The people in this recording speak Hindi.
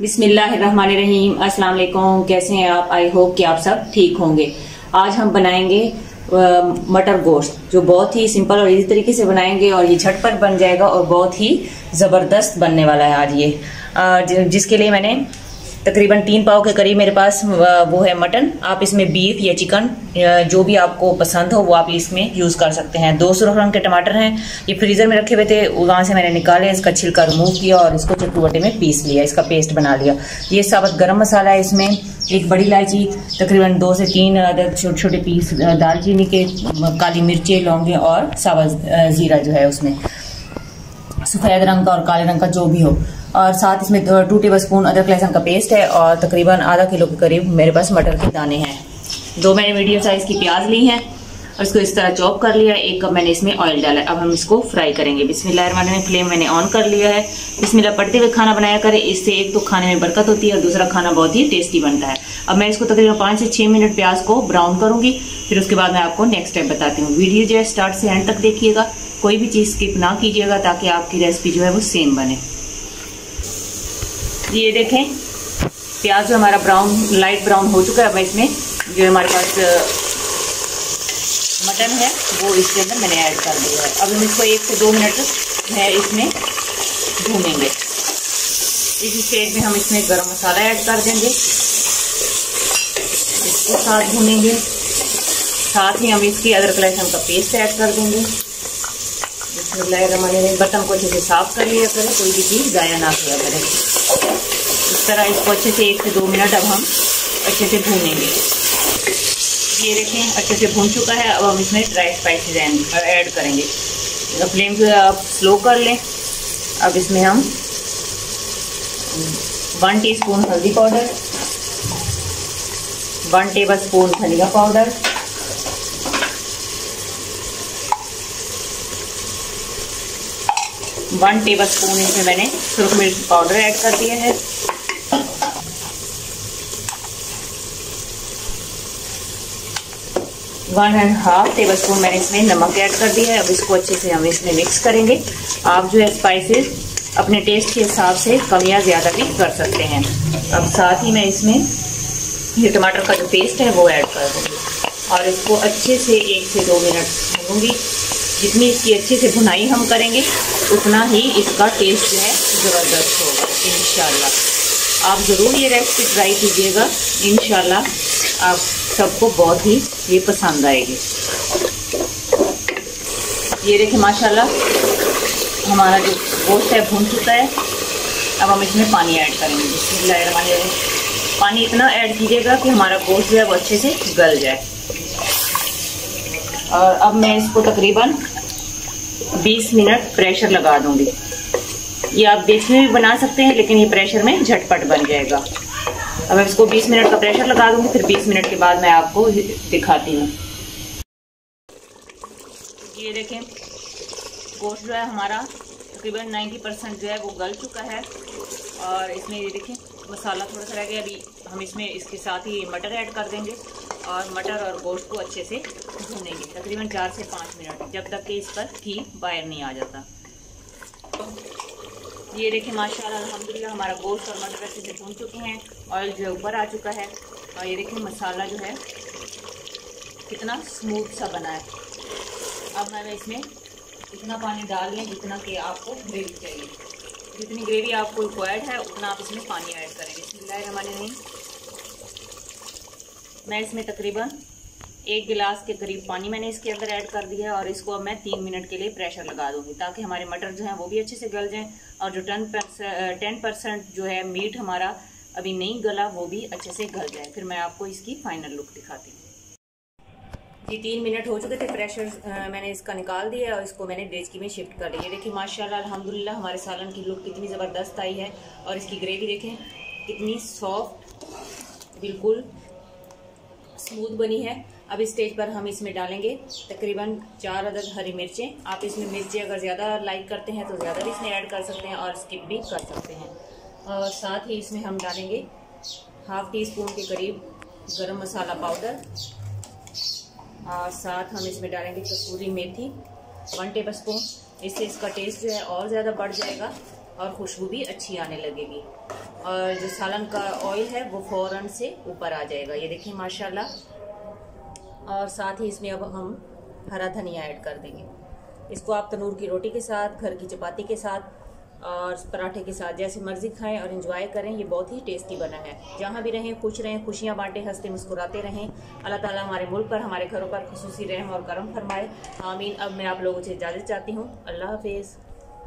बिस्मिल्लाम अस्सलाम वालेकुम कैसे हैं आप आई होप कि आप सब ठीक होंगे आज हम बनाएंगे मटर गोश्त जो बहुत ही सिंपल और इजी तरीके से बनाएंगे और ये झटपट बन जाएगा और बहुत ही ज़बरदस्त बनने वाला है आज ये जिसके लिए मैंने तकरीबन तीन पाव के करीब मेरे पास वो है मटन आप इसमें बीफ या चिकन जो भी आपको पसंद हो वो आप इसमें यूज़ कर सकते हैं दो सौ रंग के टमाटर हैं ये फ्रीज़र में रखे हुए थे वहाँ से मैंने निकाले इसका छिलका रिमूव किया और इसको चटुवटे में पीस लिया इसका पेस्ट बना लिया ये साबत गर्म मसाला है इसमें एक बड़ी इलायची तकरीबन दो से तीन अदर छोटे छोटे पीस दालचीनी के काली मिर्चें लौंगे और साबत ज़ीरा जो है उसमें सफ़ेद रंग का और काले रंग का जो भी हो और साथ इसमें टू टेबल स्पून अदरक लहसन का पेस्ट है और तकरीबन आधा किलो के करीब मेरे पास मटर के दाने हैं दो मैंने मीडियम साइज़ की प्याज ली है और इसको इस तरह चॉप कर लिया एक कप मैंने इसमें ऑयल डाला अब हम इसको फ्राई करेंगे बिस्मिल्लाहमान में फ्लेम मैंने ऑन कर लिया है इसमें पड़ते हुए खाना बनाया करें इससे एक तो खाने में बरकत होती है और दूसरा खाना बहुत ही टेस्टी बनता है अब मैं इसको तकरीबन पाँच से छः मिनट प्याज को ब्राउन करूँगी फिर उसके बाद मैं आपको नेक्स्ट स्टेप बताती हूँ वीडियो जो है स्टार्ट से एंड तक देखिएगा कोई भी चीज़ स्किप ना कीजिएगा ताकि आपकी रेसिपी जो है वो सेम बने ये देखें प्याज जो हमारा ब्राउन लाइट ब्राउन हो चुका है अब इसमें जो हमारे पास मटन है वो इसके अंदर मैंने ऐड कर दिया है अब हम इसको एक से दो मिनट है इसमें भूनेंगे इसी स्टेज में हम इसमें गरम मसाला ऐड कर देंगे इसके साथ भूनेंगे साथ ही हम इसकी अदरक लहसुन का पेस्ट ऐड कर देंगे बर्तन को अच्छे से साफ कर लिया करें कोई भी चीज़ गाया ना किया करें तरह इसको अच्छे से एक से दो मिनट अब हम अच्छे से भूनेंगे ये देखें अच्छे से भून चुका है अब हम इसमें ड्राई स्पाइसेस ऐड करेंगे फ्लेम को आप स्लो कर लें अब इसमें हम वन टीस्पून हल्दी पाउडर वन टेबल स्पून धनिया पाउडर वन टेबल स्पून इसमें मैंने सुरख मिर्च पाउडर ऐड कर दिया है one and half tablespoon मैंने इसमें नमक ऐड कर दिया है अब इसको अच्छे से हम इसमें मिक्स करेंगे आप जो है स्पाइसेस अपने टेस्ट के हिसाब से कम या ज़्यादा भी कर सकते हैं अब साथ ही मैं इसमें ये टमाटर का जो पेस्ट है वो ऐड कर दूँगी और इसको अच्छे से एक से दो मिनट भूनूँगी जितनी इसकी अच्छे से भुनाई हम करेंगे उतना ही इसका टेस्ट जो है ज़बरदस्त होगा इन आप ज़रूर ये रेसिपी ट्राई कीजिएगा इन आप सबको बहुत ही ये पसंद आएगी ये देखिए माशाल्लाह हमारा जो गोश्त है भून चुका है अब हम इसमें पानी ऐड करेंगे पानी इतना ऐड कीजिएगा कि हमारा गोश्त जो है वो अच्छे से गल जाए और अब मैं इसको तकरीबन 20 मिनट प्रेशर लगा दूंगी ये आप देखने में भी बना सकते हैं लेकिन ये प्रेशर में झटपट बन जाएगा अब मैं इसको 20 मिनट का प्रेशर लगा दूंगी फिर 20 मिनट के बाद मैं आपको दिखाती हूँ ये देखें गोश्त जो है हमारा तकरीबन 90 परसेंट जो है वो गल चुका है और इसमें ये देखें मसाला थोड़ा सा रह गया अभी हम इसमें इसके साथ ही मटर ऐड कर देंगे और मटर और गोश्त को अच्छे से भूनेंगे तकरीबन चार से पाँच मिनट जब तक कि इस पर घी बाहर नहीं आ जाता ये देखें माशाल्लाह अल्हम्दुलिल्लाह हमारा गोश्त और मटर अच्छे से भून चुके हैं ऑयल जो है ऊपर आ चुका है और ये देखें मसाला जो है कितना स्मूथ सा बना है अब मैंने इसमें इतना पानी डाल लें जितना कि आपको ग्रेवी चाहिए जितनी ग्रेवी आपको रिक्वायर्ड है उतना आप इसमें पानी ऐड करेंगे इसमें हमारे नहीं मैं इसमें तकरीबन एक गिलास के करीब पानी मैंने इसके अंदर ऐड कर दिया है और इसको अब मैं तीन मिनट के लिए प्रेशर लगा दूंगी ताकि हमारे मटर जो हैं वो भी अच्छे से गल जाएं और जो टन टेन परसेंट जो है मीट हमारा अभी नहीं गला वो भी अच्छे से गल जाए फिर मैं आपको इसकी फाइनल लुक दिखाती हूँ जी तीन मिनट हो चुके थे प्रेशर मैंने इसका निकाल दिया और इसको मैंने डेजकी में शिफ्ट कर दिया देखिए माशा अलहमदिल्ला हमारे सालन की लुक कितनी ज़बरदस्त आई है और इसकी ग्रेवी देखें कितनी सॉफ्ट बिल्कुल स्मूथ बनी है अब इस स्टेज पर हम इसमें डालेंगे तकरीबन चार अदद हरी मिर्चें आप इसमें मिर्ची अगर ज़्यादा लाइक करते हैं तो ज़्यादा भी इसमें ऐड कर सकते हैं और स्किप भी कर सकते हैं और साथ ही इसमें हम डालेंगे हाफ टी स्पून के करीब गरम मसाला पाउडर और साथ हम इसमें डालेंगे कसूरी मेथी वन टेबल स्पून इससे इसका टेस्ट जो है और ज़्यादा बढ़ जाएगा और खुशबू भी अच्छी आने लगेगी और जो सालन का ऑयल है वो फ़ौरन से ऊपर आ जाएगा ये देखिए माशाल्लाह और साथ ही इसमें अब हम हरा धनिया ऐड कर देंगे इसको आप तनूर की रोटी के साथ घर की चपाती के साथ और पराठे के साथ जैसे मर्ज़ी खाएं और इन्जॉय करें ये बहुत ही टेस्टी बना है जहाँ भी रहें खुश रहें खुशियाँ बांटें हंसते मुस्कुराते रहें अल्लाह ताला हमारे मुल्क पर हमारे घरों पर खसूसी रहम और करम फरमाए आमीन अब मैं आप लोगों से इजाज़त चाहती हूँ अल्लाह हाफिज़